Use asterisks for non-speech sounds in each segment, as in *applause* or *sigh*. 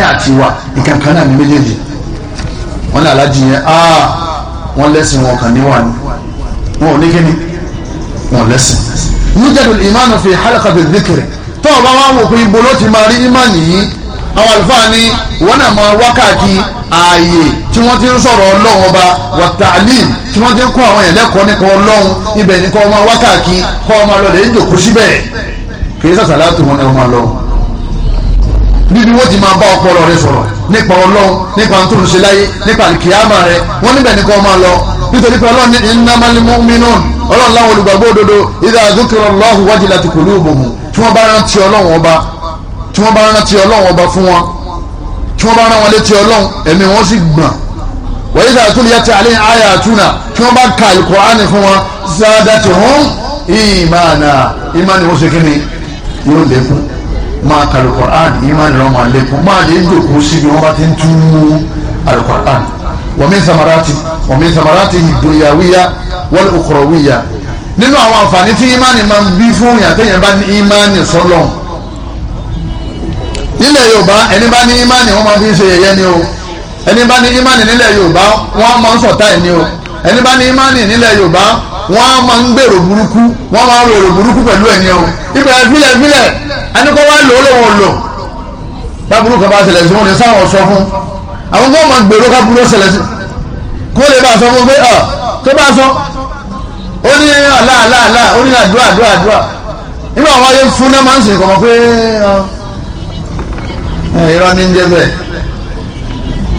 ìfẹ́ àti wà nǹkan kan náà ní méjèèjì wọn ní alájí yẹn áà wọn lẹ́sìn wọn kàn níwà ni wọn ò ní kíni wọn lẹ́sìn. yíjẹ́dùn ìmánu fi hálàkà fi dìkìrì tó o bá wá wò pé ibo ló ti máa rí ìmánu yìí àwọn àlùfáà ni wọn náà máa wákàtí ààyè tí wọ́n ti ń sọ̀rọ̀ ọlọ́run ọba wà tí wọ́n ti ń kọ́ àwọn ẹ̀lẹ́kọ̀ọ́ nípa ọlọ́run ibẹ̀ ni kọ́ ọmọ wákàtí kọ́ ọmọ lọ́dẹ̀ ń jòkó síbẹ̀ sàtàlá tó wọn ni ọmọ lọ́run níbi wọ́n ti máa bá ọpọlọ rẹ sọ̀rọ̀ nípa ọlọ́run nípa tó ń ṣe láyé nípa àlìkìyàmà rẹ wọ́n níbẹ̀ ní kọ́ máa lọ nítorí pé ọlọ́run ní innamal mu'minun ọlọ́run láwọn olùgbàgbọ́ òdodo idha dhukira Allahu wajilat qulubuhum tí wọ́n bá rántí ọlọ́run ọba tí wọ́n bá rántí ọlọ́run ọba fún wọn tí wọ́n bá rán wọn létí ọlọ́run ẹ̀mí wọn sì gbọ̀n ayatuna tí wọ́n bá ka al-Qur'ani fún imana imani wọ́n ṣe máa ka alukur'an ìmánì rẹ̀ máa lékún máa lè jòkó síbi wọ́n bá ti ń tún alukur'an wa min samarati wa min samarati dunyawiya wal ukhrawiya nínú àwọn àǹfààní tí ìmánì máa ń bí fún yàtẹ̀yẹ̀ bá ní ìmánì sọ́lọ́n nílẹ̀ yorùbá ẹni bá ní ìmánì wọ́n máa fi ń ṣe yẹ̀yẹ́ ni o ẹni bá ní ìmánì nílẹ̀ yorùbá wọ́n máa ń sọ̀tá ẹ̀ ni o ẹni bá ní ìmánì nílẹ̀ yorùbá wọ́n máa ń gbèrò burúkú wọ́n máa ń rò burúkú pẹ̀lú ẹ̀ o ibẹ̀ fílẹ̀ fílẹ̀ ẹnikọ́ wa lò ó lòun lò báburú kan bá ṣẹlẹ̀ sí wọn ni sáwọn sọ fún àwọn kó máa gbèrò káburú ṣẹlẹ̀ sí kó lè bá sọ fún pé ọ ah, tó bá sọ ó ní àlá àlá àlá ó ní àdúrà àdúrà àdúrà nínú àwọn ayé fún náà máa ń sìn kọ̀mọ́ pé ah, irọ́ ní ń jẹ́ bẹ́ẹ̀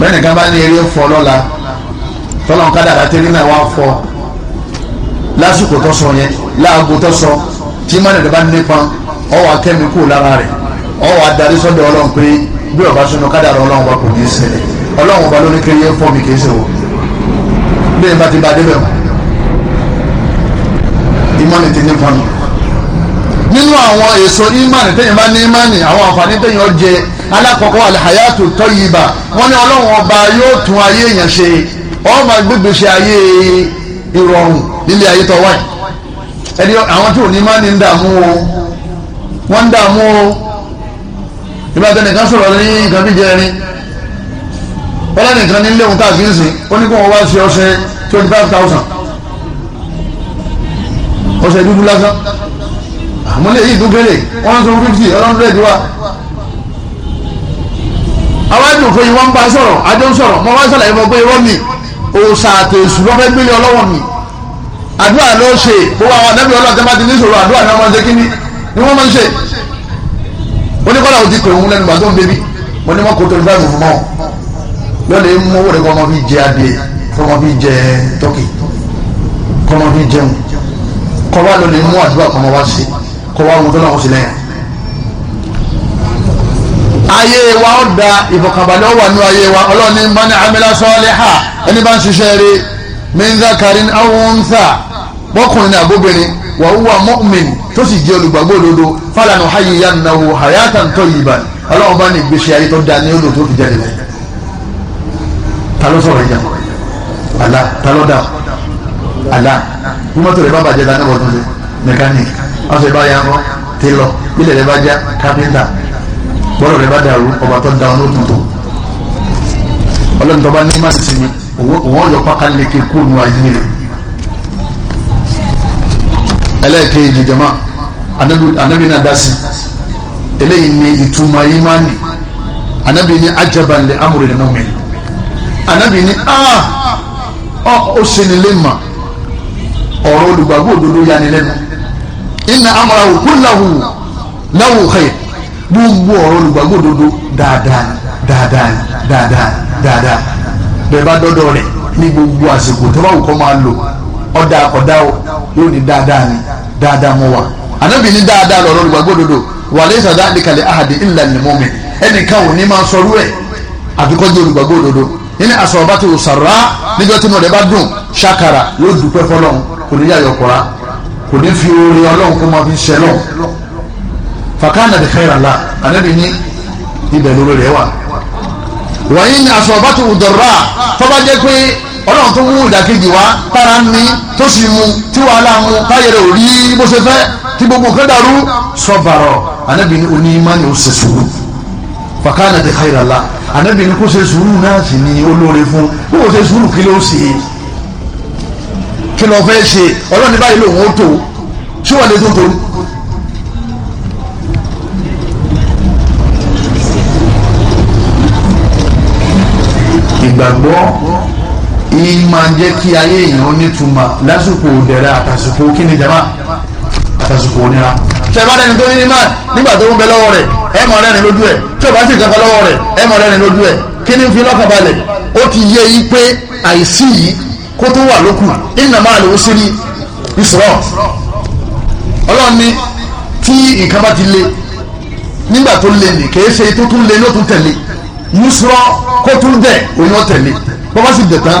bẹ́ẹ̀ nìkan bá ní eré fọ́ lọ́la tọ́lọ́n kádàrá tẹ́lẹ̀ náà wá fọ́ lásìkò tó sọ yẹn láago tó sọ tí mọ́nà tó bá nípa ọwọ́ akẹ́mi kú lára rẹ̀ ọwọ́ adarí sọ́dọ̀ ọlọ́run pé bí ọba sunu kádàrá ọlọ́run wa kò ní í ṣẹlẹ̀ ọlọ́run ọba lóní kéré fọ́ mi kì í ṣe wò bí ẹ bá ti ba débẹ̀ wò ìmọ̀nì ti ní fọ́nù nínú àwọn èso ìmọ̀nì téèyàn bá ní ìmọ̀nì àwọn àǹfààní téèyàn jẹ alákọ̀ọ́kọ́ alihayatu tọ́yìíba wọ́n ní ọlọ́run ọba yóò tún ayé èèyàn ṣe ọ̀ọ́ máa gbégbèsè ayé ìrọ̀rùn nílé ayé tọ́wọ́ ẹ̀ ẹni àwọn tí ò ní ìmọ̀nì ń dààmú o wọ́n ń dààmú o ìgbà tẹ nìkan sọ̀rọ̀ ní nǹkan bíi jẹrin wọ́n lẹ́nu nìkan nílé òun táàkì ń sìn ó ní kó wọ́n wá ṣe ọṣẹ twenty five thousand ọṣẹ dúdú lásán àmúlẹ̀ yìí dúgbélé one hundred fifty hundred wa awájú òfin yìí wọ́n ń bá sọ̀rọ̀ adé ń sọ̀rọ̀ mọ́ wá sàlàyé fún ọ pé irọ́ mi òòsà àtẹ̀sù lọ́fẹ́ gbélé ọlọ́wọ́ mi àdúrà ló ṣe gbogbo àwọn àdẹ́bí ọlọ́ọ̀tẹ́ bá ti ní ìṣòro àdúrà ni wọ́n máa ń ṣe ni wọ́n máa ń ṣe oníkọ́lá òdi pé òun lẹ́nu gbàdúrà bẹ́bí mo ní wọ́n kó tẹ̀lé báyìí mọ́ lọ́lẹ̀ mú owó rẹ̀ kọ́ ọmọ fi jẹ adìẹ kọ́ ọmọ fi jẹ tọ́kì kọ́ ọmọ fi jẹun kọ́ wa lọ́lẹ̀ mú àdúrà kọ́ ọmọ wa ṣe kọ́ wa wọn tó náà wọ́n sì lẹ́yìn ayé wa ó da ìfọkànbalẹ̀ ó wà ní ayé wa ọlọ́ni bá ní amílá sọ́ọ́lẹ́hà ẹni bá ń ṣiṣẹ́ rí mí ń wa huwa mu'min tó sì jẹ́ olùgbàgbọ́ òdodo falanu hayyiyannahu hayatan tayyiban ọlọ́run bá ní ìgbésí ayé tó da ní odò tó fi jáde lẹ́yìn ta ló sọ̀rọ̀ ìjà àlá ta ló dà àlá bí mọ́tò rẹ̀ bá bàjẹ́ dáná bọ̀ lóde mẹkáníìkì wọ́n sọ ìbáyà wọn ti lọ ilẹ̀ rẹ̀ bá já kápẹ́ńtà bọ́lọ̀ rẹ̀ bá dàrú ọba tó da ọ̀nà òtútù ọlọ́run tó bá ní má sì sinmi òun ọ̀yọ́ pákáleke kúrò nù ayé rẹ̀ ẹlẹ́ẹ̀kejì jama anabi náà dá sí eléyìí ni ìtumọ̀ ìmánì anabi ni ajaban li amri nínú mi anabi ah, ah, ni aa ọ ó sini lè mà ọ̀rọ̀ olùgbàgbọ́ òdodo yanni lẹ́nu inna amrahu kullahu lahu khair gbogbo ọ̀rọ̀ olùgbàgbọ́ òdodo dáadáa dáadáa dáadáa dáadáa bẹ́ẹ̀ bá dọ́dọ̀ rẹ̀ ní gbogbo àsìkò tó bá wù kọ́ máa lò ọ̀dà ọ̀dà yóò ní dáadáa ni dáadáa mú wa ànábì ní dáadáa lọ́rọ́ olùgbàgbọ́ òdodo wà lẹ́sà dáadìkàlẹ̀ ahàdì illa lil mu'min ẹnìkan ò ní máa sọrú ẹ̀ àbíkọ́jú olùgbàgbọ́ òdodo ní asọ̀rọ̀bá ti sàrà níjọ́ tí mọ̀lẹ́ bá dùn ṣàkàrà yóò dúpẹ́ fọlọ́run kò ní yàyọ̀ kọ́ra kò ní fi oore ọlọ́run kó máa fi ṣẹ lọ́run fàkànnà lè khayra la ànábì ní ibẹ̀ lórí rẹ̀ wà wàyí ní asọ̀rọ̀bá ti dọ̀rọ̀ tọ́ba jẹ́ pé ọlọ́run tó mú ìdàkejì wá tára ń ní tó sì mu tí wàhálà mu táyẹ̀rẹ̀ ò rí bó ṣe fẹ́ tí gbogbo nǹkan dàrú sọ̀bàrọ̀ ànábì ní ó ṣe sùúrù fàkànà ti ka ìrànlá ànábì ní kó ṣe sùúrù náà sì ni olóore fún kó o ṣe sùúrù kí ló ṣe kí ló fẹ́ ṣe ọlọ́run báyìí lòun ó tó tí wọ́n lè tó tó. ìgbàgbọ́ ìyìn máa jẹ́ kí ayé èèyàn ó nítumọ̀ lásìkò dẹ̀rẹ̀ àtàsìkò kíni jama àtàsìkò onira. sẹ́fàdé ni tó ní imán nígbà tó ń bẹ lọ́wọ́ rẹ̀ ẹ̀ mọ̀ rẹ́rìn lójú ẹ̀ tí ò bá sì kankan lọ́wọ́ rẹ̀ ẹ̀ mọ̀ rẹ́rìn lójú ẹ̀ kí ni fi lọ́kàn balẹ̀ ó ti yé yí pé àìsí yìí kó tó wà lókù ìnà máa lè ó sí ní ìsọ̀rọ̀ ọlọ́run ní tí nǹkan bá ti le nígbà tó le nì kìí ṣe tó tún le ló tún tẹ̀lé yusrọ̀ kó tún dẹ̀ òun ó tẹ̀lé bọ́ bá sì dẹ̀ tán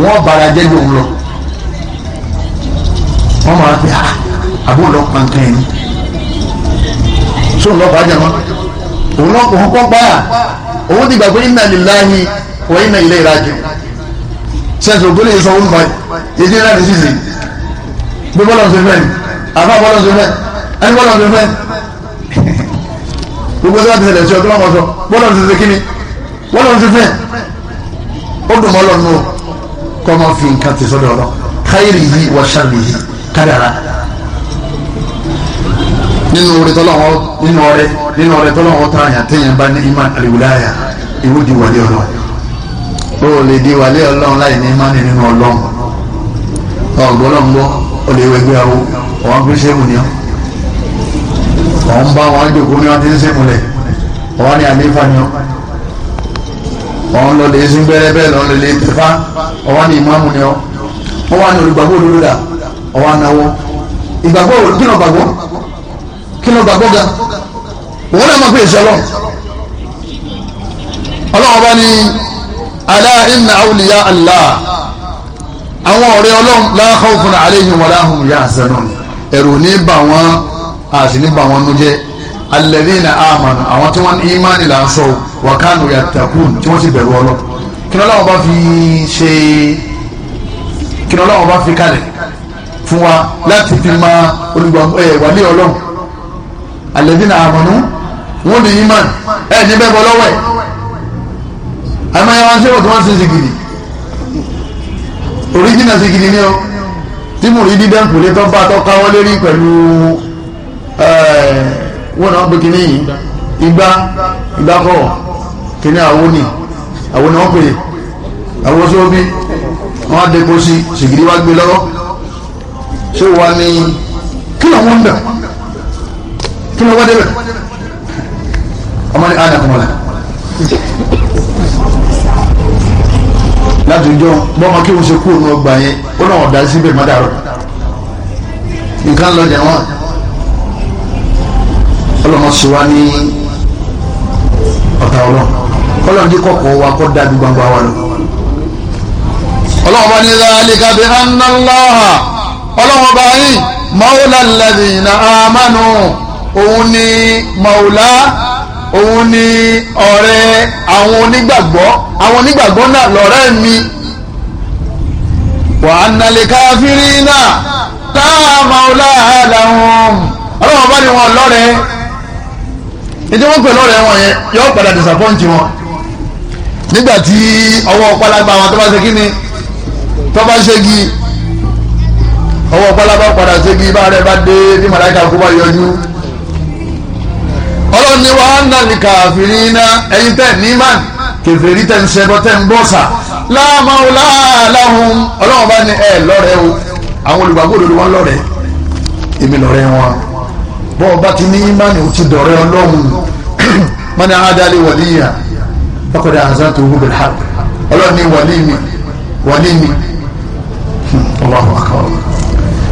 wọ́n bara jẹ́ lòun lọ wọ́n máa fi ah, àbúrò lọ pa nǹkan yẹn sóun lọ bá jẹ mọ́ òun lọ òun kọ́ pa òun ti gbà pé inna lillahi wa inna ilayhi raji'un sẹ́ńtì ògbólé yìí sọ òun bá èdè náà ti sè gbé bọ́lá ọ̀sẹ̀ fẹ́ àbá bọ́lá ọ̀sẹ̀ fẹ́ ẹni bọ́lá ọ̀sẹ̀ fẹ́ gbogbo sábà ti ṣẹlẹ̀ sí ọdún ọmọ sọ bọ́lá ọ̀sẹ̀ fẹ́ kíni bọ́lá ọ̀sẹ̀ fẹ́ ó dùn mọ́ lọ́nù o kọ́ máa fi nǹkan ti sọ́dọ̀ ọlọ́ khairihi wa sharrihi kádàrá nínú orí tọ́lọ́wọ́ nínú ọrẹ nínú ọrẹ tọ́lọ́wọ́ tá àyàn téèyàn bá ní iman àlewúláyà ìwú di wàlé ọlọ́run ó lè di wàlé ọlọ́run láì ní iman nínú ọlọ́run ọ̀gbọ́n náà ń gbọ́ ó lè wẹgbẹ́ awo ọ̀hún gbé sẹ́wù ni ọ́ ọ̀hún bá wọn jókòó ni wọ́n ti ń sẹ́wù lẹ̀ ọ̀hún ni àlééfà ni ọ́ ọ̀hún lọ lè sí bẹ́rẹ́ bẹ́ẹ̀ lọ lè lè tẹ̀fá ọ̀wá ní ìmáàmù ni ọ́ wọ́n wá ní olùgbàgbọ́ olódà ọ̀wá náwọ́ ìgbàgbọ́ kí ló gbàgbọ́ kí ló gbàgbọ́ ga òun náà máa pè sọ lọ. ọlọ́run bá ní alá inna awliya Allah àwọn ọ̀rẹ́ ọlọ́run la khawfun alayhim wa la hum yahzanun ẹ̀rù ní bà wọ́n àti ní bà wọ́n nú jẹ́ alladhina amanu àwọn tí wọ́n ní ìmánì là ń sọ̀rọ̀ wakano yatakun tí wọ́n sì bẹ̀rù ọlọ́ kí ni ọlọ́wọ́ bá fi ṣe kí ni ọlọ́wọ́ bá fi kalẹ̀ fún wa láti fi ma olùgbà wàlé ọlọ́run alladhina amanu wọn ní imán ẹ ní bẹ́ẹ̀ bọ́ lọ́wọ́ ẹ̀ àmọ́ ẹ wá ṣé wọ́n ti wá sí sìgìdì oríjìnà sìgìdì ni ọ tí mo rí dídá nkùlé tó bá tó káwọ́ lérí pẹ̀lú wọn náà pé kínní yìí igba igba kọ̀ kìíní àwọn ni àwọn ni wọ́n pè àwọn sómi wọ́n á dẹ́kọ̀ sí sìgìdì wá gbé lọ́wọ́ ṣé wà ní kí ló wọ́n bẹ̀ kí ló wá débẹ̀ ọmọ ní àdàkùn wọn láti jọ bọ́mọ kí wọ́n ṣe kú òun ọgbà yẹn ó náà ọ̀dà síbẹ̀ má dàrú nǹkan lọ jẹ̀ wọ́n ọlọ́mọ ṣe wá ní ọ̀tá ọlọ́run kọ́lọ́n dín kọ̀kọ́ wa kọ́ da ju gbangba wa lọ. ọlọ́run bá ní zalika bi anna Allaha ọlọ́run bá yín mawla alladhina amanu òun ni mawla òun ni ọ̀rẹ́ àwọn onígbàgbọ́ àwọn onígbàgbọ́ náà lọ́rẹ́ mi wa anna likafirina láà màúlá àdáhùn ọlọ́wọ́n bá ní wọn lọ́rẹ̀ẹ́ ìdí wọ́n pè lọ́rẹ̀ẹ́ wọn yẹn yọ padà disapọ́ǹtì wọn nígbà tí ọwọ́ pálábá wọn tó bá ṣe kí ni tó bá ṣégi ọwọ́ pálábá padà ṣégi bá rẹ bá dé bí màláìka kó bá yọjú ọlọ́run ni wàá nà ní kàfìrí iná ẹ̀yin tẹ̀ ní mà kèfèrí tẹ̀ ń ṣẹbọ tẹ̀ ń bọ̀sà láàmáwò láàláhùn ọlọ́run bá ní ẹ̀ lọ́rẹ̀ẹ́ o àwọn olùgbàgbọ́ òdodo wọn lọ́rẹ̀ẹ́ èmi lọ́rẹ̀ẹ́ wọn bọ́ọ̀ bá ti ní ìmánì ó ti dọ̀rẹ́ ọlọ́run *clears throat* mọ́ni faqad azantuhu bil haqq ọlọ́ni wàlí mi wàlí mi Allahu akbar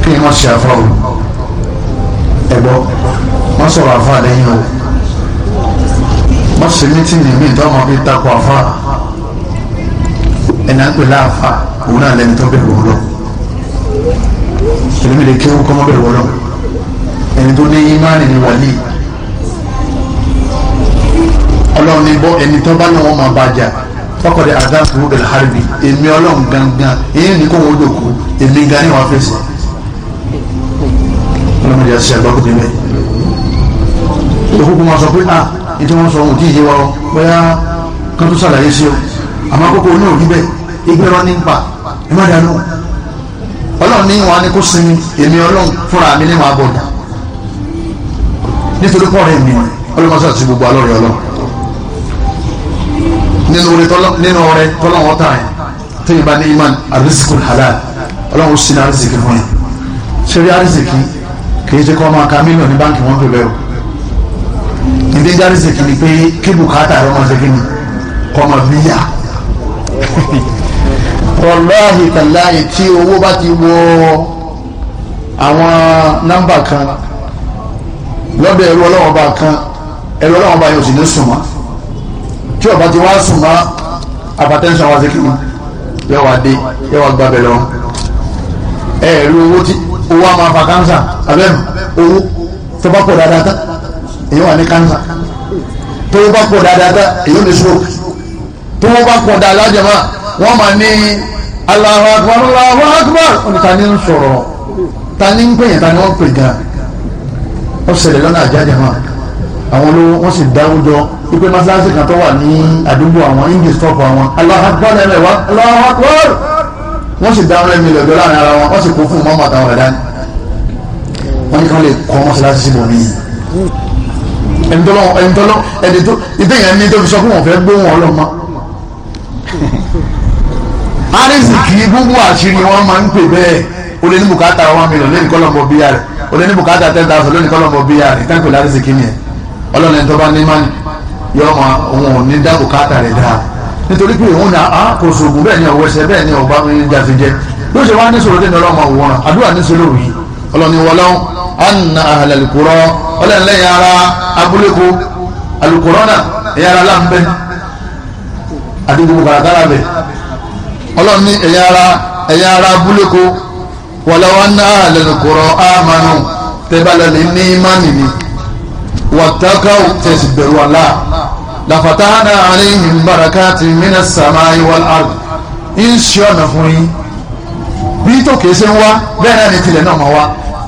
kí ni wọ́n ṣe àfa o ẹ̀gbọ́ wọ́n sọ̀rọ̀ àfa lẹ́yìn o wọ́n ṣe mítìnì mi tó ọmọ fi takò àfa ẹ̀nà ń pè láàfa òun náà lẹ́ni tó bẹ̀rù ọlọ́ èmi lè kéwù kọ́mọ́ bẹ̀rù ọlọ́ ẹni tó ní ìmánì ni wàlí yìí ọlọ́run ní bọ́ ẹni tó bá náà wọ́n máa bàjá fọkọ̀dé adáàtú wọ́bẹ̀lẹ̀ haribi èmi ọlọ́run gangan èyí ní kò wọ́n dòkú èmi gan ni wàá fèsì ọlọ́run yà sí àgbàkú bíbẹ̀ òkú kò máa sọ pé ah ètò wọn sọ ohun tí ìyẹwà ọ bóyá kan tó sàlàyé sí o àmọ́ àkókò ní òbí bẹ́ẹ̀ ìgbẹ́rọ ní pa ẹ má dànù ọlọ́run ní wọn á ní kó sinmi èmi ọlọ́run fúnra mi ní màá bọ̀ nítorí pọ̀ rẹ̀ mi ọlọ́run sàtì gbogbo alọ́rẹ̀ ọlọ́run nínú ọrẹ tọ́lọ́wọ́n tà yẹn tó yìí bá ní iman arizikun halal ọlọ́run sí ní arizikun fún yẹn ṣé rí arizikun kì í ṣe kọ́ máa ka mílíọ̀nù ní báńkì wọn tó bẹ́ẹ̀ o ìdíjà rìsìkì ni pé kí bùkátà rẹ máa segin ni kọ́ máa bí yà. *laughs* wàláhì tàláhì tí owó bá ti wọ àwọn nọ́mbà kan lọ́dọ̀ ẹ̀rọ ọlọ́wọ́ba kan ẹ̀rọ ọlọ́wọ́ba yóò sì ní sùn wọ́n tí ọba ti wá sùn mọ́ hypertension wá sí kí ni yóò wá dé yóò wá gbàgbẹ́ lọ ẹ ẹ rí owó tí owó àmọ́ afa kánsà abẹ́mu owó tó bá pọ̀ dáadáa tán èyí wà ní kánsà tó bá pọ̀ dáadáa tán èyí ò ní stroke tó bá pọ̀ dáadáa jẹ̀mọ́ wọ́n máa ní Allahu Akbar Allahu Akbar olùtani ń sọ̀rọ̀ tani ń pè yẹn tani wọ́n pè gan ọ̀sẹ̀ lọ́nà àjáde máa àwọn olówó wọ́n sì dáwọ́jọ wípé mọ́sálásí kan tó wà ní àdúgbò àwọn english top àwọn Allahu Akbar ẹ̀rẹ̀ wá Allahu Akbar wọ́n sì dáwọ́ lẹ́nu ilẹ̀ ọ̀dọ́ láàrin ara wọn wọ́n sì kún fún mọ́mọ́ àtàwọn rẹ̀ dání wọ́n ní kí wọ́n lè kọ́ mọ́sálásí síbò ní ẹ̀ńtọ́lọ́ ẹ̀ńtọ́lọ́ ẹ̀dẹ̀tọ́ ìtẹ̀yẹ̀ ní tó fi sọ fún wọn fẹ́ gbóhùn ọlọ́mọ arizikì gbogbo àṣírí wọn máa ń pè bẹ́ẹ̀ o lè ní bukata one million lónìí kọ́lọ́mọ bíyà rẹ̀ o lè ní bùkátà ten thousand lónìí kọ́lọ́mọ bíyà rẹ̀ káńpẹ̀ lárizikì nìyẹn ọlọ́run ẹni tó bá ní mánì yọ ọmọ òun ò ní dáàbò káàtà rẹ̀ dáa nítorí pé òun náà á kò sògùn bẹ́ẹ̀ ni ọ̀wẹ́sẹ̀ bẹ́ẹ̀ ni ọba mi jáde jẹ bí ó ṣe wá ní sòrò dé ní ọlọ́run àwòrán àdúrà ní sòrò yìí ọlọ́run wọlọ́ anna ahalalukurọ ọlọ́run lẹ́yìn ara abúléko alukurọ́nà ẹ̀yà ara láǹbẹ́ àdúgbò kàràkàrà bẹ̀ ọlọ́run ní ẹ̀yà ara ẹ̀yà ara abúléko wọlọ́ anna ahalalukurọ amanu tẹ́bàlẹ́ ní ní wàtàkàwò tẹ̀sí bẹ̀rù àlá làfàtàhánà àríyìn bàràkàtì mínà sàmáyé wal ard ń ṣe ọ̀nà fún yín bí tòkè ṣe ń wá bẹ́ẹ̀ náà ni tilẹ̀ náà máa wá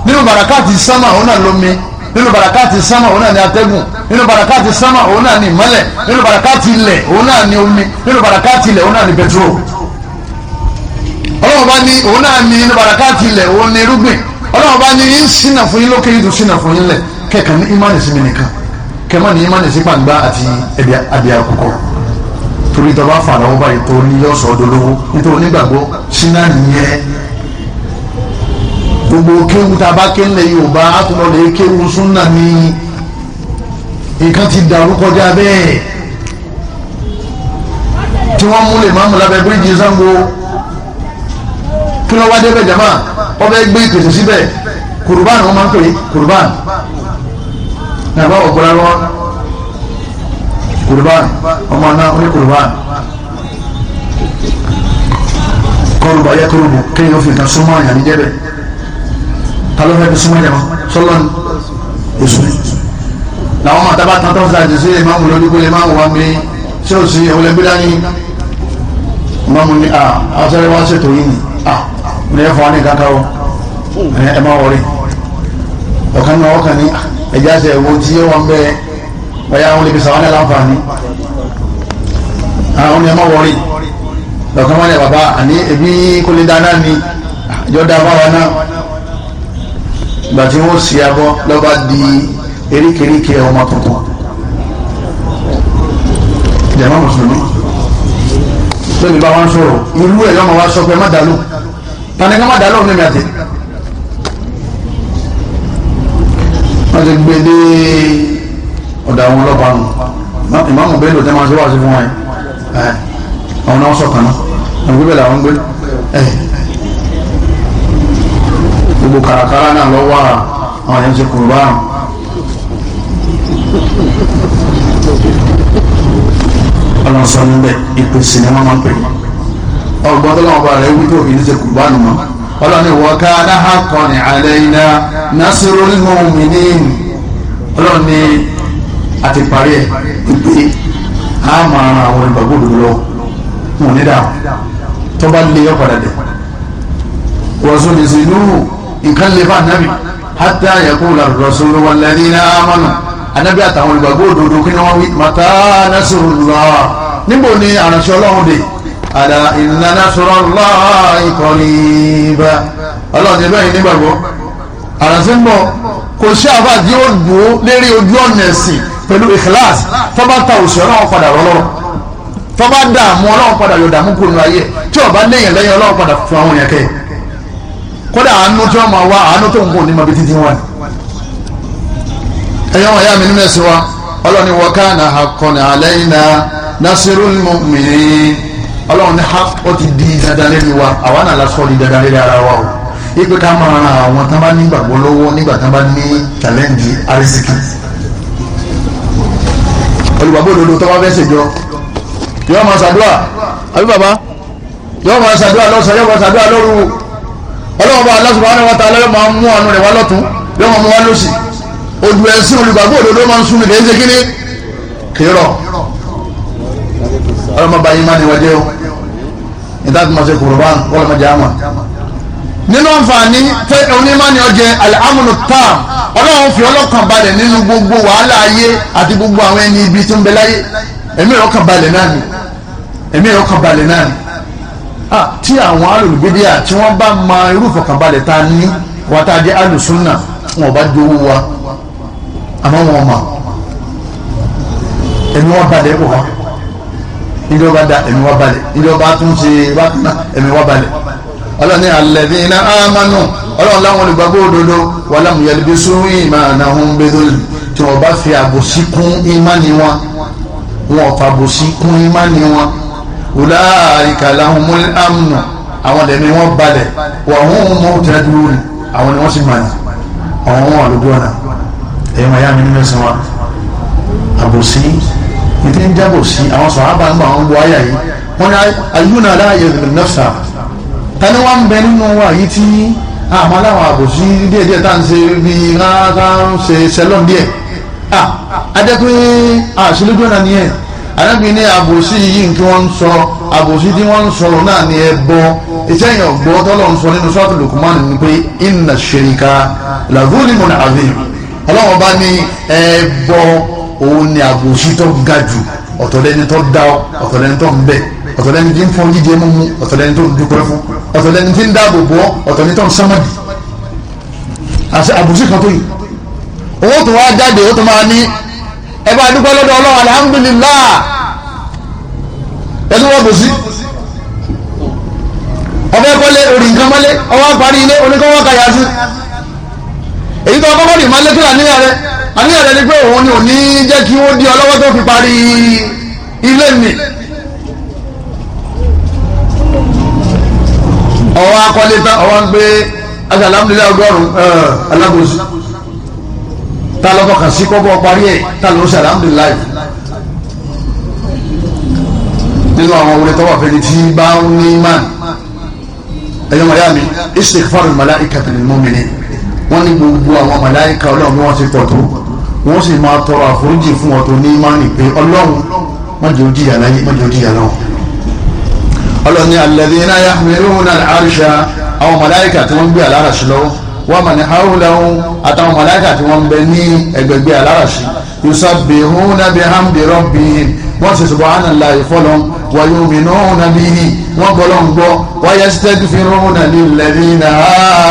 nínú bàràkàtì barakati sama òun náà ni atẹ́gùn nínú barakati sama òun náà ni ìmọ́lẹ̀ nínú barakati ilẹ̀ òun náà ni omi nínú barakati ilẹ̀ òun náà ni bẹtúrò ọlọ́run bá ní òun náà ni nínú barakati ilẹ̀ òun ni irúgbìn ọlọ́run bá ní ń ṣínà fún yín lókè yìí tó ṣínà fún yín lẹ̀ kẹ̀kẹ́ ní ìmánì sí mi nìkan kẹ́mọ́ ní ìmánì sí gbàngbá àti ẹ̀bí àkùkọ torí ìjọba fà lọ́wọ́ báyìí tó ní yọ̀sọ̀ ọdọlówó nítorí onígbàgbọ́ síná nìyẹn gbogbo kéwu tá a bá ké ńlẹ̀ Yorùbá á tún lọ lè kéwu súnà ní nǹkan ti dàrú kọjá bẹ́ẹ̀ tí wọ́n múlẹ̀ máàmù lábẹ́ bíríjì Ṣàngó kí ló wá débẹ̀ jama ọbẹ̀ gbé ìpèsè síbẹ̀ kùrùbánù wọn máa ń pè é kùrùbánù náà bá òkúra kurban ọmọ náà ó ní kurban kọlùbọ ayé kọlùbọ kéèyàn fi nǹkan súnmọ́ àyàn níjẹbẹ ta ló fẹ́ fi súnmọ́ ìjàmọ sọlọ ní oṣù ní làwọn ọmọ àtàbà tán tó ń sàjì sí ìmọ̀ àwọn olódùkú lè máa wà mí ṣé o sì ẹ̀wọ̀n lẹ́gbẹ́ dání ìmọ̀ àwọn ní àṣẹrẹ wá ṣètò yìí ni ní ẹ̀fọ́ ní kankan o ẹ̀ máa wọlé ọ̀kan náà ọ̀kan ní à ẹja ṣe ẹ̀wọ́ tí wọ́n bẹ ọ̀yà àwọn olùbíṣà wọn ní aláǹfààní àwọn ni ẹ má wọrí lọ́kàn wọn ní bàbá àní ẹbí kólé dáná ni ìjọ dá báwa náà ìgbà tí wọ́n sì abọ́ lọ́ba di eríkèéríkè ọmọ tuntun ìjàmbá mùsùlùmí lóbi bá wọn sọ̀rọ̀ irú ẹ̀ lọ́mọ wa sọ pé má dàlú tani ká má dàlú ní mi àtẹ. ti gbé dé ọ̀dọ̀ àwọn ọlọ́pàá nù ìmáàmù bẹ́ẹ̀ ló tẹ́ máa ṣe wá sí fún wa yẹn àwọn náà sọ̀kan náà àwọn gbé bẹ́ẹ̀ làwọn gbé gbogbo kàràkàrà náà lọ wà àwọn yẹn ti kúrò báwọn. ọlọ́run sọ níbẹ̀ ìpè sinimá máa ń pè ọgbọ́n tó lọ́wọ́ bá rẹ̀ wípé òbí ní ti kúrò báwọn mọ́ ọlọ́run ìwọ ká náà kọ́ni àlẹ́ iná nasirul mu'minin ọlọ́run ní àti parí ẹ̀ pípé a máa ran àwọn ìgbàgbọ́ òdodo lọ wọn ò ní dà tó bá lé ọ̀padà dẹ̀ wọ́n sọ lè ṣe inú nǹkan lè fa ànábì hatta yaqula ar-rasulu walladhina amanu ànábì àtàwọn ìgbàgbọ́ òdodo kí ni wọ́n wí mata nasrullah níbo ni àránṣẹ́ ọlọ́run dé àdá inna nasrallahi qariba ọlọ́run ti bẹ́ẹ̀ nígbàgbọ́ ọ̀rọ̀ sí ń bọ̀ kò sí àfáà tí ó dùn lérí ojú ọ̀nà ẹ̀sìn pẹ̀lú ìkìláàs tọ́ba ta òsì ọlọ́run padà rọlọ́rọ́ tọ́ba dààmú ọlọ́run padà yọ̀ dààmú kò nu ayé tí ọba léyìn lẹ́yìn ọlọ́run padà fún àwọn yẹn kẹ́ kódà àánú tí wọ́n máa wá àánú tó ń kó ní bí títí wọn. ẹ̀yọ́ wọn yá mi nínú ẹ̀sìn wa ọlọ́ni wa kana haqqan alayna nasirul mu'minin ọlọ́run ní ha ó ti di dandan lẹ́nu wa àwa náà lásán di dandan lẹ́nu ara wa o ipe ká máa ran àwọn tán bá nígbàgbọ́ lọ́wọ́ nígbà tán bá ní tàlẹ́ǹdì arísíkì olùgbàgbọ́ òdodo tó bá fẹ́ ṣèjọ yọ máa ṣàdúrà àbí bàbá yọ máa ṣàdúrà lọ́sàn yọ máa ṣàdúrà lóru ọlọ́wọ́n bá Allah subhanahu wa ta'ala yọ máa mú àánú rẹ̀ wá lọ́tún yọ máa mú wá lọ́sì ojú ẹ̀sìn olùgbàgbọ́ òdodo máa ń sún mi lẹ́yìn kíní kérò ọlọ́mọba yín má ni wọ́n jẹ́ o nígbà tí mo ṣe kùrùbán ọlọ́mọdé àmà nínú àǹfààní tẹ onímọ̀ni ọjẹ alhamdu tam ọlọ́run fi ọlọ́kàn balẹ̀ nínú gbogbo wàhálà ayé àti gbogbo àwọn ẹni ibi tó ń bẹ láyé ẹ̀mí ọkàn balẹ̀ náà ni ẹ̀mí ọkàn balẹ̀ náà ni tí àwọn alùlùbídíà tí wọ́n bá ma irú ìfọkànbalẹ̀ ta ní wa tá jẹ́ alùsùnà wọn bá jowó wa àmọ́ wọn mà ẹ̀mí wọn balẹ̀ wọ̀ wá ilé ọba da ẹ̀mí wọn balẹ̀ ilé ọba tún ṣe wákàtí ẹ̀mí wọn balẹ̀ ọlọ́ni alladhina amanu ọlọ́run láwọn olùgbàgbọ́ òdodo wà láwọn yẹlẹbisu imanahum bidhulm tí wọ́n bá fi àbòsí kún ìmánì wọn wọn ò fàbòsí kún ìmánì wọn ulaika lahumul amnu àwọn lẹ́mí wọn balẹ̀ wà hún muhtadun àwọn ni wọ́n sì mọ̀ ní ọ̀hún wọn lójú ọ̀nà ẹ̀yìn wọn yá mi nínú ẹ̀sìn wọn àbòsí ìdí ń jábòsí àwọn sọ̀rọ̀ àbá ń bọ̀ àwọn gbọ́ ayà yìí wọ́n ní ayúnà aláàyè nafsa tani wọ́n ń bẹ nínú wa yìí tí àmọ́ láwọn àbòsí díẹ̀ díẹ̀ tá à ń ṣe bí rárá ń ṣe sẹ́lọ̀n díẹ̀ à adẹ́pẹ́ àṣìlójú náà nìyẹn àdàbí ní àbòsí yìí kí wọ́n ń sọ àbòsí tí wọ́n ń sọ̀rọ̀ náà ni ẹ bọ́ iṣẹ́ yẹn ọ̀gbọ́ tọ́lọ̀ ń sọ nínú sọ́ọ̀tù lukumani ni pé inna ṣèrìkà làgúlìmọ̀ àbí ọlọ́wọ́n bá ní ẹ òun ni àbòsí tó ga jù ọ̀tọ̀lẹ́ni tó dá ọ̀tọ̀lẹ́ni tó ń bẹ̀ ọ̀tọ̀ lẹni tí ń fún jíjẹ mímu ọ̀tọ̀ lẹni tó ń dúpẹ́ fún ọ̀tọ̀ lẹni tí ń dáàbò bọ́ ọ̀tọ̀ ni tó ń sánmọ́dì àti àbùsí kan tó yìí owó tó wá jáde ó tó máa ní ẹ bá dúpẹ́ lọ́dọ̀ ọlọ́run alhamdulillah ẹ tó wọ́n bùsí ọbẹ̀ kọ́lé orí nǹkan mọ́lé ọwọ́ parí ilé oníkọ́wọ́ kàyà sí èyí tó ọkọ́ kọ́lé ìmọ̀lẹ́ kílà níyà rẹ àníyà rẹ ni pé òun ni ò ní jẹ́ kí wọ́n di ọlọ́wọ́ tó fi parí ilé mi. wá kọ́lé tán ọwọ́ ń gbé àti alhamdulilayi ọgọ́rùn-ún alábòsí ta lọ́kọ̀ kà sí kọ́bọ̀ parí ẹ̀ ta ló ṣe alhamdulilayi nínú àwọn orin tọ́wọ́ fẹ́ni tí bá ń ní man ẹ̀yọ́ màyá mi istighfaru malaikati lil mu'minin wọ́n ní gbogbo àwọn màláìka ọlọ́run bí wọ́n ti pọ̀ wọ́n sì máa tọrọ àforíjì fún ọ̀tọ̀ ní mánì pé ọlọ́run má jẹ́ ó ọlọ́ni alladhina yahmiluna al-arsha àwọn màláíkà tí wọ́n ń gbé alárasì lọ́wọ́ wa man hawlahu àtàwọn màláíkà tí wọ́n ń bẹ ní ẹgbẹ̀gbẹ̀ alárasì yusabbihuna bihamdi rabbihim wọ́n sì subhanallahi fọ́lọ́ wa yu'minuna bihi wọ́n bọ́lọ́ ń gbọ́ wa yastaghfiruna lilladhina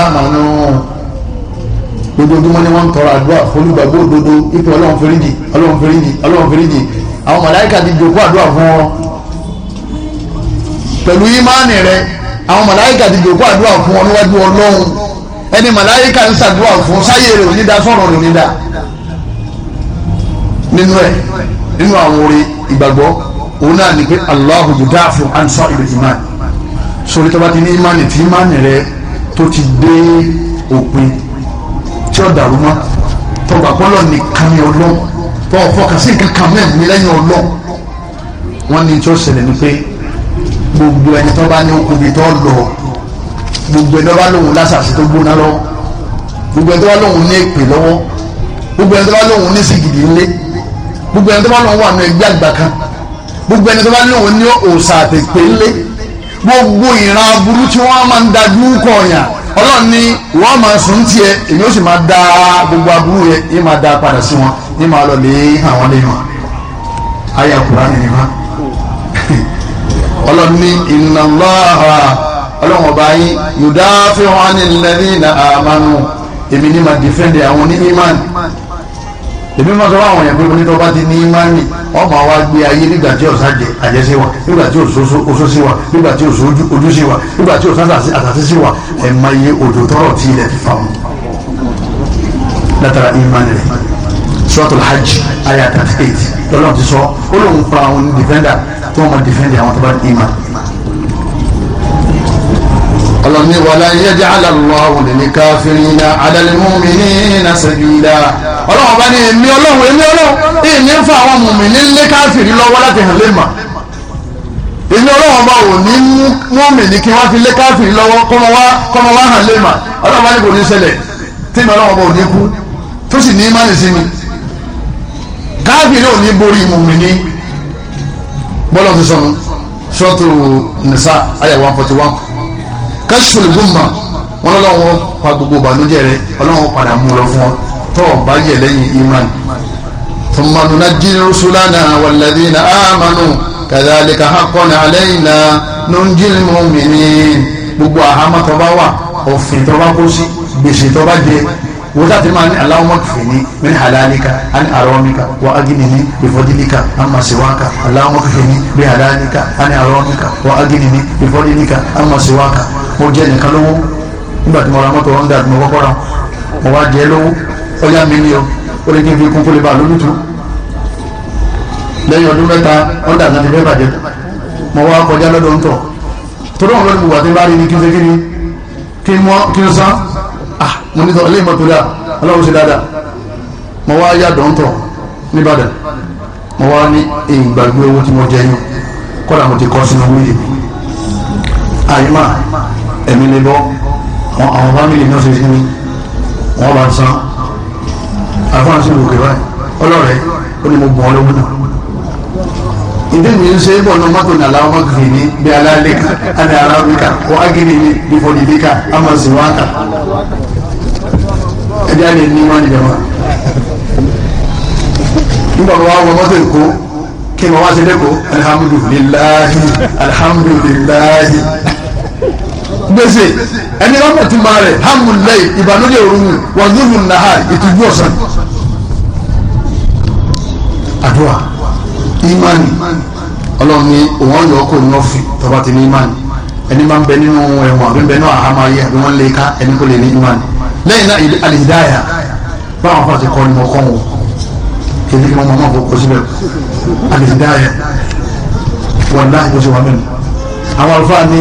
amanu dojoojúmọ́ ni wọ́n ń tọrọ àdúrà fólúgbàgbọ́ òdodo ipò ọlọ́run ọlọ́run foríjì pẹ̀lú ìmánì rẹ àwọn màláyíkà ti jòkó àdúrà fún ọ níwájú ọlọ́run ẹni màláyíkà ń ṣàdúrà fún sáyé rẹ ò ní da sọ̀rọ̀ rẹ nínú ẹ nínú àwọn orí ìgbàgbọ́ òun náà ni pé Allahu yudafu an sa'iril iman sori tó bá ti ní ìmánì tí ìmánì rẹ tó ti dé òpin tí ó dàrú mọ́ tọgbà pọ́lọ́ nìkan ni ọlọ́run tọ́ ọ̀fọ́ kà sí nǹkan kan mẹ́rin lẹ́yìn ọlọ́run wọ́n ní tí ó ṣẹlẹ̀ ni pé gbogbo ẹni tó bá ní okùnbi tó lọ gbogbo ẹni tó bá lòun lásàsì tó gbóná lọ gbogbo ẹni tó bá lòun ní èpè lọ́wọ́ gbogbo ẹni tó bá lòun ní sìgìdì ńlé gbogbo ẹni tó bá lòun wà ní ẹgbẹ́ àgbà kan gbogbo ẹni tó bá lòun ní òòsà àtẹ̀pé ńlé gbogbo ìran aburú tí wọ́n máa ń da dúkọ ọ̀yàn ọlọ́run ni wọ́n máa sùn tiẹ̀ èmi ó sì máa da gbogbo aburú yẹn yìí máa da padà sí wọn yìí máa lọ lè hàn wọ́n ayé àkùrá nìyẹn hàn ọlọ́run ní inna Allaha ọlọ́run ọba yín yudafi'u 'anil ladhina amanu èmi ní ma dìfẹ́ndì àwọn onímọ̀ èmi máa sọ fún àwọn èèyàn pé onítọ́ bá ti ní ìmánì wọ́n máa wá gbé ayé nígbà tí ọ̀sá jẹ àjẹ́ sí wa nígbà tí òṣó sí wa nígbà tí òṣó ojú sí wa nígbà tí òṣá àtàtì sí wa ẹ̀ máa yẹ òjò tọrọ tí ilẹ̀ ti fa mu. látara ìmánì rẹ̀ suratul hajj ayat thirty eight lọ́lọ́run ti sọ ó lóun pa àwọn dìfẹ́ndà tí wọ́n máa dìfẹ́ndì àwọn tó bá ní ìmọ̀ ọlọ́ni wàlá yẹ́jà alàlọ́wọ́ lẹ́ni káfírin na alálẹ́mọ́mí ní nasajúdá ọlọ́wọ́ bá ní èmi ọlọ́wọ́ èmi ọlọ́wọ́ èmi ń fa àwọn mùmí ní lé káfírin lọ́wọ́ láti hàn lé mà èmi ọlọ́wọ́ bá wò ní mọ́mí ní kí wọ́n fi lé káfírin lọ́wọ́ kọ́mọ wá hàn lé mà ọlọ́wọ́ bá ní kò ní ṣẹlẹ̀ tèmi ọlọ́wọ́ bá bọ́lá ti sọnù ṣọ́ọ̀tù nìsa ayé one forty one kashful gumma wọn lọ́wọ́ pa gbogbo ìbànújẹ́ rẹ ọlọ́wọ́ padà mú lọ fún ọ tọ́ ọ bá yẹ lẹ́yìn iman thumma nunajji rusulana walladhina amanu kadhalika haqqan alayna nunjil mu'minin gbogbo àhámọ́ tó wà òfin tó kó sí gbèsè tó jẹ wọ́n ti máa ní aláwọ̀ kìfìní min halalika an aramika wa aginini bifọdilika an aláwọ̀ kìfìní min halalika an aramika wa aginini bifọdilika an masiwaka mo jẹ́ nìkan lówó nígbà tí mo ra mọ́tò honda tí mo kọ́kọ́ ra mo wá jẹ́ lówó ó yá mi ní o ó lè kí n fi kún fúlẹ̀ bá a lójútu lẹ́yìn ọdún mẹ́ta honda náà ti fẹ́ bàjẹ́ mo wá kọjá lọ́dọ̀ ń tọ̀ torí àwọn olóògùn wà tí ni kí n mo ní sọ eléyìí mọ́tò dáa ọlọ́run ṣe dáadáa mo wá yá dọ́ńtọ̀ nìbàdàn mo wá ní ìgbàgbé owó tí mo jẹ yín kọ́dà mo ti kọ́ sínú wíìlì mi àyímà ẹ̀mí lè bọ́ àwọn fámìlì náà ṣe sí mi wọ́n bá san àfáà sí báyìí ọlọ́rẹ̀ ó ní mo bọ̀ ọ́ lọ́wọ́ náà ìdí mi ń ṣe bọ̀ ní mọ́tò ní aláwọ̀ gírí ní bí alálẹ́ka àti arábíkà wọ́n á gírí ní bí fọ́dìdíkà àmọ́ sí wákà ẹjẹ alẹ ní wọn nìyẹn wa nígbà wo wa wọ mọ́tò kí wọn wá sí lẹkọọ alihamudulilayi alihamudulilayi gbèsè ẹni wọn bẹ túmọ̀ rẹ̀ hamulayi ìbànújẹ́ òru wàzúrù nàá ìtìjú ọ̀sán àdúrà ìmánì ọlọ́run ní òun ọ̀yọ́ kò ní ọ̀fì tọ́ba ti ní ìmánì ẹni máa ń bẹ nínú ẹ̀wọ̀n àbí ń bẹ nínú àhámọ́ ayé àbí wọ́n lè ká ẹni kò lè ní ìmánì lẹ́yìn náà alìdáyà báwọn fà ti kọ́ ni mo kọ́ wọn kìí kí wọn máa fọ kó síbẹ̀ alìdáyà wọn náà kó sí wa mẹ́nu àwọn àlùfáà ní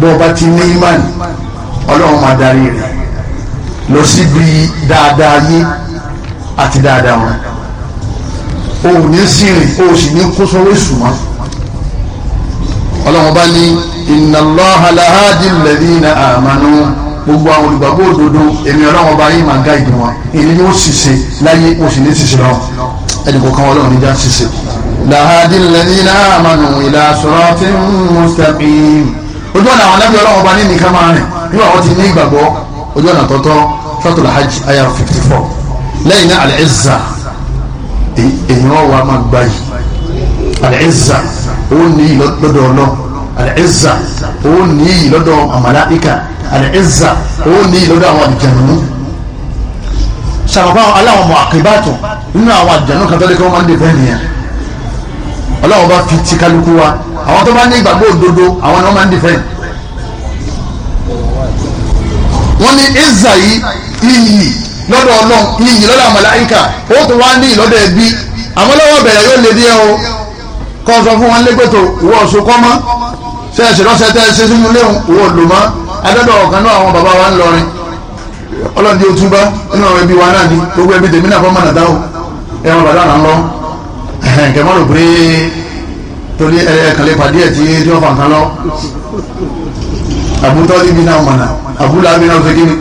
bọ́ọ̀ bá ti ní ìmánì ọlọ́run máa darí rẹ̀ lọ síbi dáadáa yé àti dáadáa wọn o ò ní sìnrìn o ò sì ní kó sọ wéṣù mọ́ ọlọ́run bá ní inna Allaha lahadi alladhina amanu gbogbo àwọn olùgbàgbọ́ òdodo èmi ọlọ́run ọba yìí máa gáìdì wọn èyí ni ó ṣìṣe láyé mo sì ní ṣìṣe lọ ẹnì kọ̀ọ̀kan ọlọ́run níjà ṣìṣe. làhádì lẹ́yìn náà máa nù ìlà sọ̀rọ̀ tí ń mú sẹ́pì. ojú ọ̀nà àwọn alábìyẹ ọlọ́run ọba ní nìkan máa rìn nígbà wọn ti ní ìgbàgbọ́ ojú ọ̀nà tọ́tọ́ sọ́tòlá hajj ayah fifty four lẹ́yìn náà àlẹ́zà èyí wọ́n wá máa gbá yìí àlẹ́zà ó ní ìlọ́dọ̀ ọlọ́ àlẹ́zà ó ní ìlọ́dọ̀ àmàlà ìkà àlẹ́ẹ̀zà ó ní ìlọ́dọ̀ àwọn àdìjẹ̀nù sàmùpá aláwọn ọmọ àkèbàtò nínú àwọn àdìjẹ̀nù kan tọ́lé kí wọ́n máa ń dè bẹ́ẹ̀ nìyẹn ọlọ́wọ́n bá fi ti kálukú wa àwọn tó bá ní ìgbàgbọ́ òdodo àwọn ni wọ́n máa ń dè bẹ́ẹ̀ wọ́n ní ẹ̀zà yìí iyì lọ́dọ̀ ọlọ́run iyì lọ́dọ̀ àmàláyíkà ó tó wá ní ìlọ́dọ̀ ẹbí àmọ́ lọ́wọ́ o kọ́ sọ fún wọn lẹ́gbẹ̀tò ìwọ ọ̀ṣun kọ́ mọ́ ṣe ẹ̀ṣẹ̀ lọ́sẹ̀ tẹ́ ẹ ṣe sínú léhùn ìwọ lò adọ́dọ̀ ọ̀kan náà àwọn bàbá wa ń lọrin ọlọ́dún yóò túbá nínú àwọn ẹbí wa náà ni gbogbo ẹbí tèmi náà fọ́mọ̀nà dá o ẹ̀rọ bàbá náà lọ kẹ̀mọ́ rò pé torí ẹ̀ẹ́kànlẹ̀ pàdé ẹ̀ tí tí wọ́n fà nǹkan lọ àbútọ́ níbi náà mọ̀nà àbúlá mi náà fẹ́ kí ni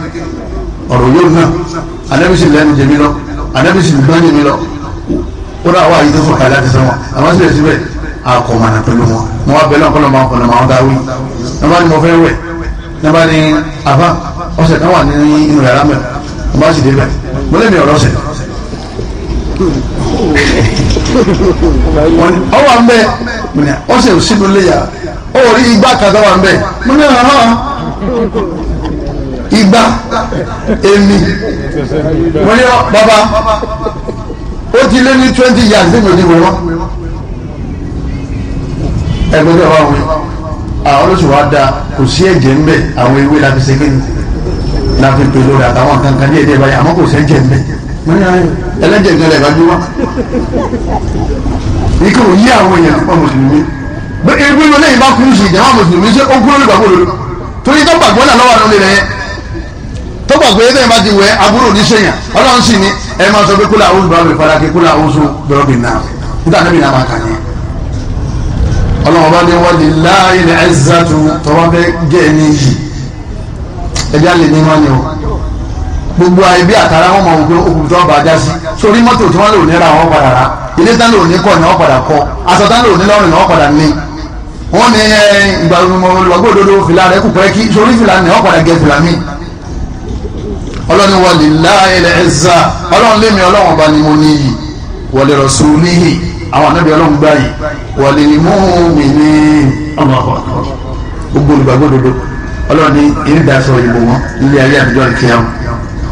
ọ̀rọ̀ yóò náà anẹ́bísì lẹ́nu jẹ̀mí lọ anẹ́bísì gbọ́n jẹ̀mí lọ ó náà wà yìí tó sọ̀kà láti sẹ́wọ̀n àwọn síbẹ̀síbẹ̀ àkọ̀mọ̀nà pẹ̀lú wọn wọn wá nàbà ni àfa ọ̀sẹ̀ kan wà ní inú yàrá mẹ ọ bá sì dé bẹ mo lè mi ọ̀rọ̀ ọ̀sẹ̀ ọ wà ń bẹ ọ̀sẹ̀ ò sínú léyà ó rí igbá kàtà wà ń bẹ mo ní ọ̀rọ̀ náà igbá èmi wọ́n yọ bàbá ó ti lé ní twenty years nínú ìdìbò wọn ẹgbẹ́ bẹ́ẹ̀ wà wọ́n sì wá da kò sí ẹ̀jẹ̀ ń bẹ̀ àwọn ewé la fi ṣe kéde la fi pè lórí àtàwọn kankan ní èdè báyìí àmọ́ kò sẹ́jẹ̀ ń bẹ̀ ẹlẹ́jẹ̀ gan lẹ̀ bá gbé wá ike ò yí àwọn èèyàn wọn mùsùlùmí bẹ́ẹ̀ ebi ló lẹ́yìn bá kú sí ìjà wọn mùsùlùmí ṣé ó kúrò nígbàgbọ́ lórí torí tó gbàgbọ́ náà lọ́wọ́ àná lè rẹ̀ tó gbàgbọ́ yẹn ni ọlọ́run bá ní wọ́n lè láàyè ní ẹ̀zátù tọ́wọ́ bẹ́ gẹ́ ẹni yìí ẹ̀dá lè ní wọn ni o gbogbo àìbí àtàrà wọn mọ̀ wípé okùn tó bá dá sí sórí mọ́tò tí wọ́n lò ní ra wọn padà rà ilé tán lò ní kọ́ ni wọ́n padà kọ́ aṣọ tán lò ní lọ́rùn ni wọ́n padà ní wọ́n ní ìgbà lọ́gbọ́ òdodo fìlà rẹ̀ kúkọ́ kí sórí fìlà ni wọ́n padà gẹ fìlà míì ọlọ́run wọlé láàyè ẹ̀zá ọlọ́run lémi ọlọ́run ọba ni mo níyì wọlé rọ̀ sùn níyì àwọn anábì ọlọ́run báyìí wọlé ni mọ́ọ̀mì ní ọmọ ọkọ̀ gbogbo olùgbàgbọ́ dodo ọlọ́run ní ìrìndàsọ òyìnbó wọn ilé ayé àtijọ́ ìkẹyà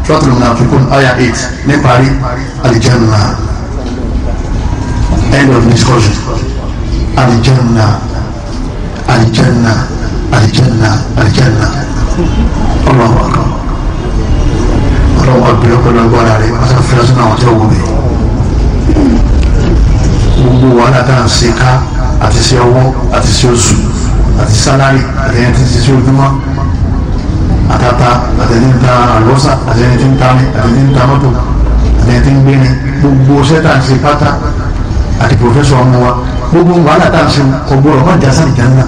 trọ́tùlù náà fikún aya eight ní parí àlìjẹ́nà end of discussion àlìjẹ́nà àlìjẹ́nà àlìjẹ́nà àlìjẹ́nà ọlọ́run ọkọ̀ ọlọ́run ọgbẹ́ ọkọ̀ lọ́gbọ́n rẹ̀ wọ́n fẹ́rẹ́ sínú àwọn tí ó wù mí gbogbo wàhálà tá à ń ṣe ká àti ṣe ọwọ́ àti ṣe oṣù àti sálárì àti ẹni tí ń ṣiṣẹ́ ojúmọ́ àtàtà àti ẹni tí ń ta àlùbọ́sà àti ẹni tí ń ta mi àti ẹni tí ń ta mọ́tò àti ẹni tí ń gbé ni gbogbo ṣẹ́ tá à ń ṣe pátá àti pòfẹ́sọ̀ ọmọ wa gbogbo wàhálà tá à ń ṣe ọgbọ́n ọmọ ìjásá ìjánná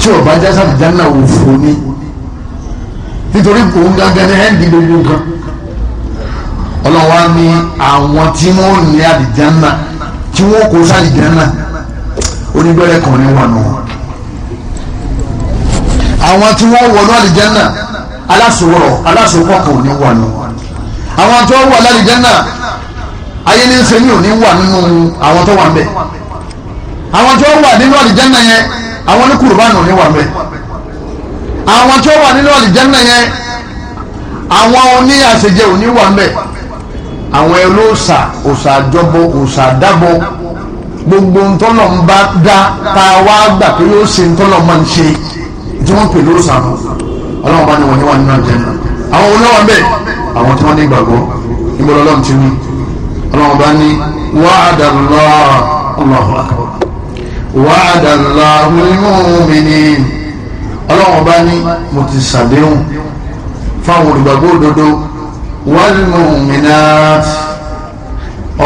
tí ọba ìjásá ìjánná wò fún mi nítorí kò ń gángan ní ẹ́ǹdì gbogbo nǹkan ọlọ́wọ́ ni àwọn tí wọ́n ní àdìjánná tí wọ́n kó sálìjẹ́ náà onígbẹ́rẹ́ kan ní wọn nù wọn. àwọn tí wọ́n wọ̀ náà lìjẹ́ náà aláṣọwọ́rọ̀ aláṣọwọ́ kan ní wọn nù wọn. àwọn tí wọ́n wọ̀ lálìjẹ́ náà ayé ní ṣe ní òní wà nínú àwọn tó wà ń bẹ̀. àwọn tí wà nínú àlìjẹ́ náà yẹn àwọn ní kùrùbánù ní wà ń bẹ̀. àwọn tí wà nínú àlìjẹ́ náà yẹn àwọn oní òní wà ń bẹ̀ àwọn ẹlòòsà òsà àjọbọ òsà àdábọ gbogbo ntọ́nà ń bá dá tá a wá gbà pé yóò ṣe ntọ́nà máa ń ṣe tí wọ́n pè lóòsà fún ọlọ́run bá ní wọn ní wọn nínú àjẹmọ́ àwọn olówó bẹ́ẹ̀ àwọn tí wọ́n ní ìgbàgbọ́ níbo lọ́lọ́run ti wí ọlọ́run bá ní wa'ada Allah Allahu akbar wa'ada Allahul mu'minin ọlọ́run bá ní mo ti ṣàdéhùn fáwọn olùgbàgbọ́ òdodo. والمؤمنات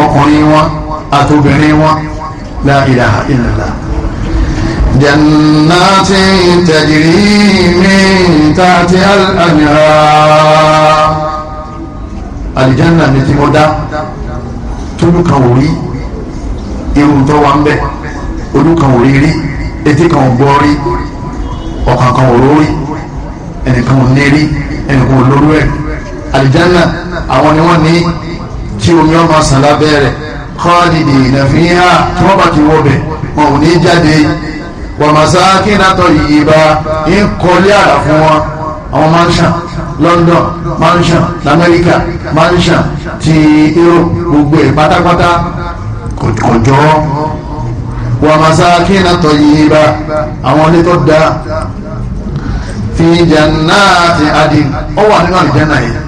ọkùnrin wọn àtòbìnrin wọn la ilaha illallah jannati tajiri min tati al-anhar alijanna mi ti mo dá tójú kan ò rí irun tó wà ń kan ò rí rí kan ò gbọ́ kan ò rórí ẹnìkan ò ní rí ẹnìkan àlìjánà àwọn ni wọ́n ní tí omi ọmọ sàn lábẹ́ rẹ̀ kọ́ọ̀dìdì ìnàfíà tí wọ́n bá ti wọ bẹ̀ wọn ò ní jáde wàmásá kí nàtọ̀ yìí bá ń kọ́lé àrà fún wọn àwọn mansion London mansion lamẹ́ríkà mansion ti Europe gbogbo ẹ̀ pátápátá kọjọ́ wàmásá kí nàtọ̀ yìí bá àwọn ilé tó dáa fi jannati adin ó wà nínú àlìjánà yìí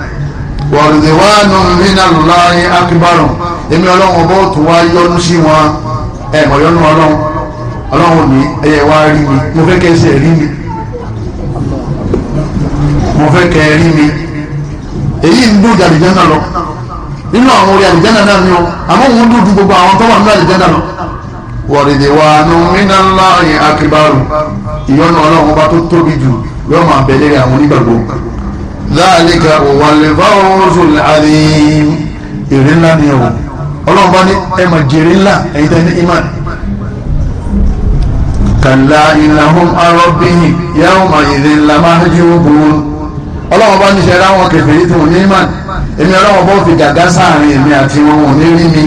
wọ̀rùdìwánu minallahi akíbarùn èmi ọlọ́run ọba ó tún wá yọ́nú sí wọn ẹ mọ̀ yọ́nú ọlọ́run ọlọ́run ní ẹyẹ wá rí mi mo fẹ́ kẹ́ ẹsẹ̀ rí mi mo fẹ́ kẹ́ ẹ rí mi èyí ń dùn jàdìjẹ́ náà lọ nínú àwọn orí àdìjẹ́ náà ni ọ àmọ́ òun dùn ju gbogbo àwọn tó wà nínú àdìjẹ́ náà lọ. wọ̀rùdìwánu minallahi akíbarùn ìyọ́nú ọlọ́run ọba tó tóbi jù yọ dáàlíkà òwàlẹ̀fà ọ̀rọ̀sùn àdìm èrè ńlá ni ẹ̀wọ̀ ọlọ́run bá ní ẹ̀mọ̀ jèrè ńlá ẹ̀yìn tẹ́ ní imán kàlá ìlàhùn arọ́bìnrin yàwó mà ìrìn lamájú ogun ọlọ́run bá ní sẹ́ra wọn kẹfẹ́ yìí tí wọ́n ní imán èmi ọlọ́run bá fi gàgá sáàrin èmi àti wọn wọn ní rí mi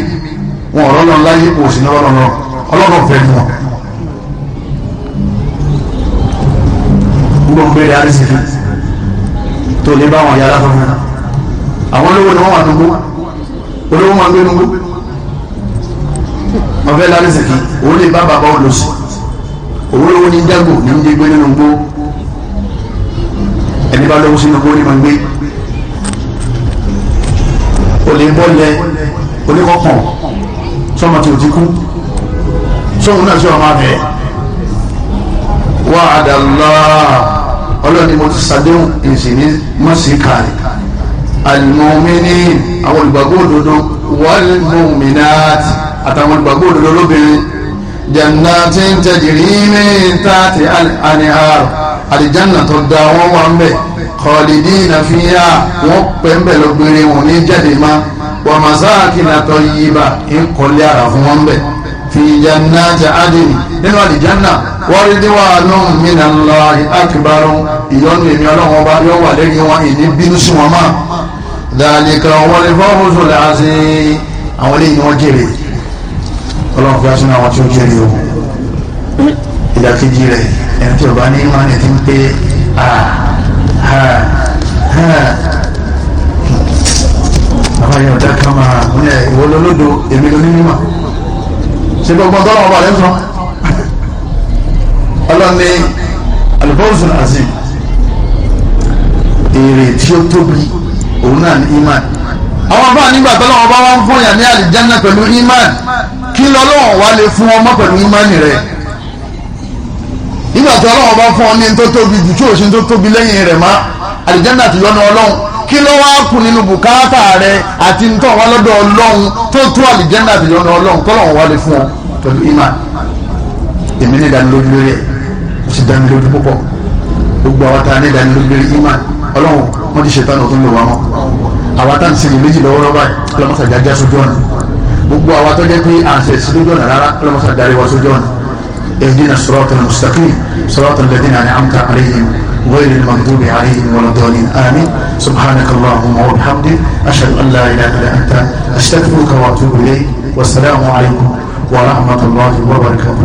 wọn ọ̀rọ̀ lọ láyé kò sí lọ́rọ̀ lọ ọlọ́run fẹ́ mu wọn. gbogbo ń tó lè bá wọn yàrá fún wọn àwọn olówó ni wọn wà nínú olówó wọn gbé nínú wọn fẹ́ lálẹ́ sèkì òun lè bá bàbá wọn lọ sí òun lówó ní jágò ní ń gbé nínú gbó ẹni bá lówó sínú gbó ní wọn gbé olè bọ́lẹ̀ oníkọ̀kàn sọmọ tí o ti kú sóhun náà sí ọmọ abẹ wàhádà ọlọ́ni mo ti sàdéhùn ìsìnì mọ́síkàrì alimọ́mìnì àwọn olùgbàgbọ́ òdodo wọ́ọ̀lùmọ́mìnàtì àtàwọn olùgbàgbọ́ òdodo lóbìnrin jannati tajiri min taati al-anihar alijanna tó da wọn wà mbẹ khalidina fiha wọn pẹ mbẹ lọgbẹrẹ wọn ní jáde ma wa masakina tayyiba ń kọlẹ ara fún wọn mbẹ fi jannati adin nínú àlìjánà waridwanun minallahi akbar ìyọ́nù èmi ọlọ́run ọba yóò wà lẹ́yìn wọn ìní bínú sí wọn máa dhalika wal fawzul azim àwọn eléyìí ni wọ́n jèrè ọlọ́run fi aṣọ àwọn tí ó jèrè o ìdàkejì rẹ̀ ẹni tí ọba ní ìmọ̀ ẹni tí ń pé àwọn èèyàn ọ̀dà kan máa ń lẹ̀ ìwọ́lọ́lọ́dọ̀ èmi lónìí mímọ̀ ṣe gbogbo tọ́lọ̀ ọba rẹ̀ sọ ọlọ́ni alifọ́sùn azim èrè tí ó tóbi òun náà ní iman àwọn bá nígbà tọ́lọ̀ ọba wọn fún yàn ní àlìjáná pẹ̀lú iman kí lọ́lọ́wọ́ wa lè fún ọmọ pẹ̀lú iman rẹ̀ nígbà tọ́lọ̀ ọba fún ọ ní tó tóbi jù tí òṣìṣẹ́ tó lẹ́yìn rẹ̀ má àlìjáná àtìyọ́nù ọlọ́run kí ló wá kù nínú bùkátà rẹ àti ntọ́ wa lọ́dọ̀ ọlọ́run tó tó àlìjẹ́ndà àti ìyọ̀nà ọlọ́run tọ́lọ́run wá lè fún ọ pẹ̀lú ìmà èmi ní ìdánilójú lórí ẹ̀ ó sì dánilójú púpọ̀ gbogbo àwọn tá a ní ìdánilójú lórí ìmà ọlọ́run wọ́n ti ṣètò àwọn tó ń lò wá mọ́ àwa tá à méjì lọ́wọ́ lọ́wọ́ báyìí ọlọ́mọsàjà já sójú ọ̀nà gbogbo àwa tó jẹ́ pé à ń sẹ̀ sí lójú ọ̀nà rárá ọlọ́mọsàjà rí wa sójú ọ̀nà اهدنا الصراط المستقيم غير المغضوب عليهم ولا الضالين آمين سبحانك اللهم وبحمدك أشهد أن لا إله إلا أنت أستغفرك وأتوب إليك والسلام عليكم ورحمة الله وبركاته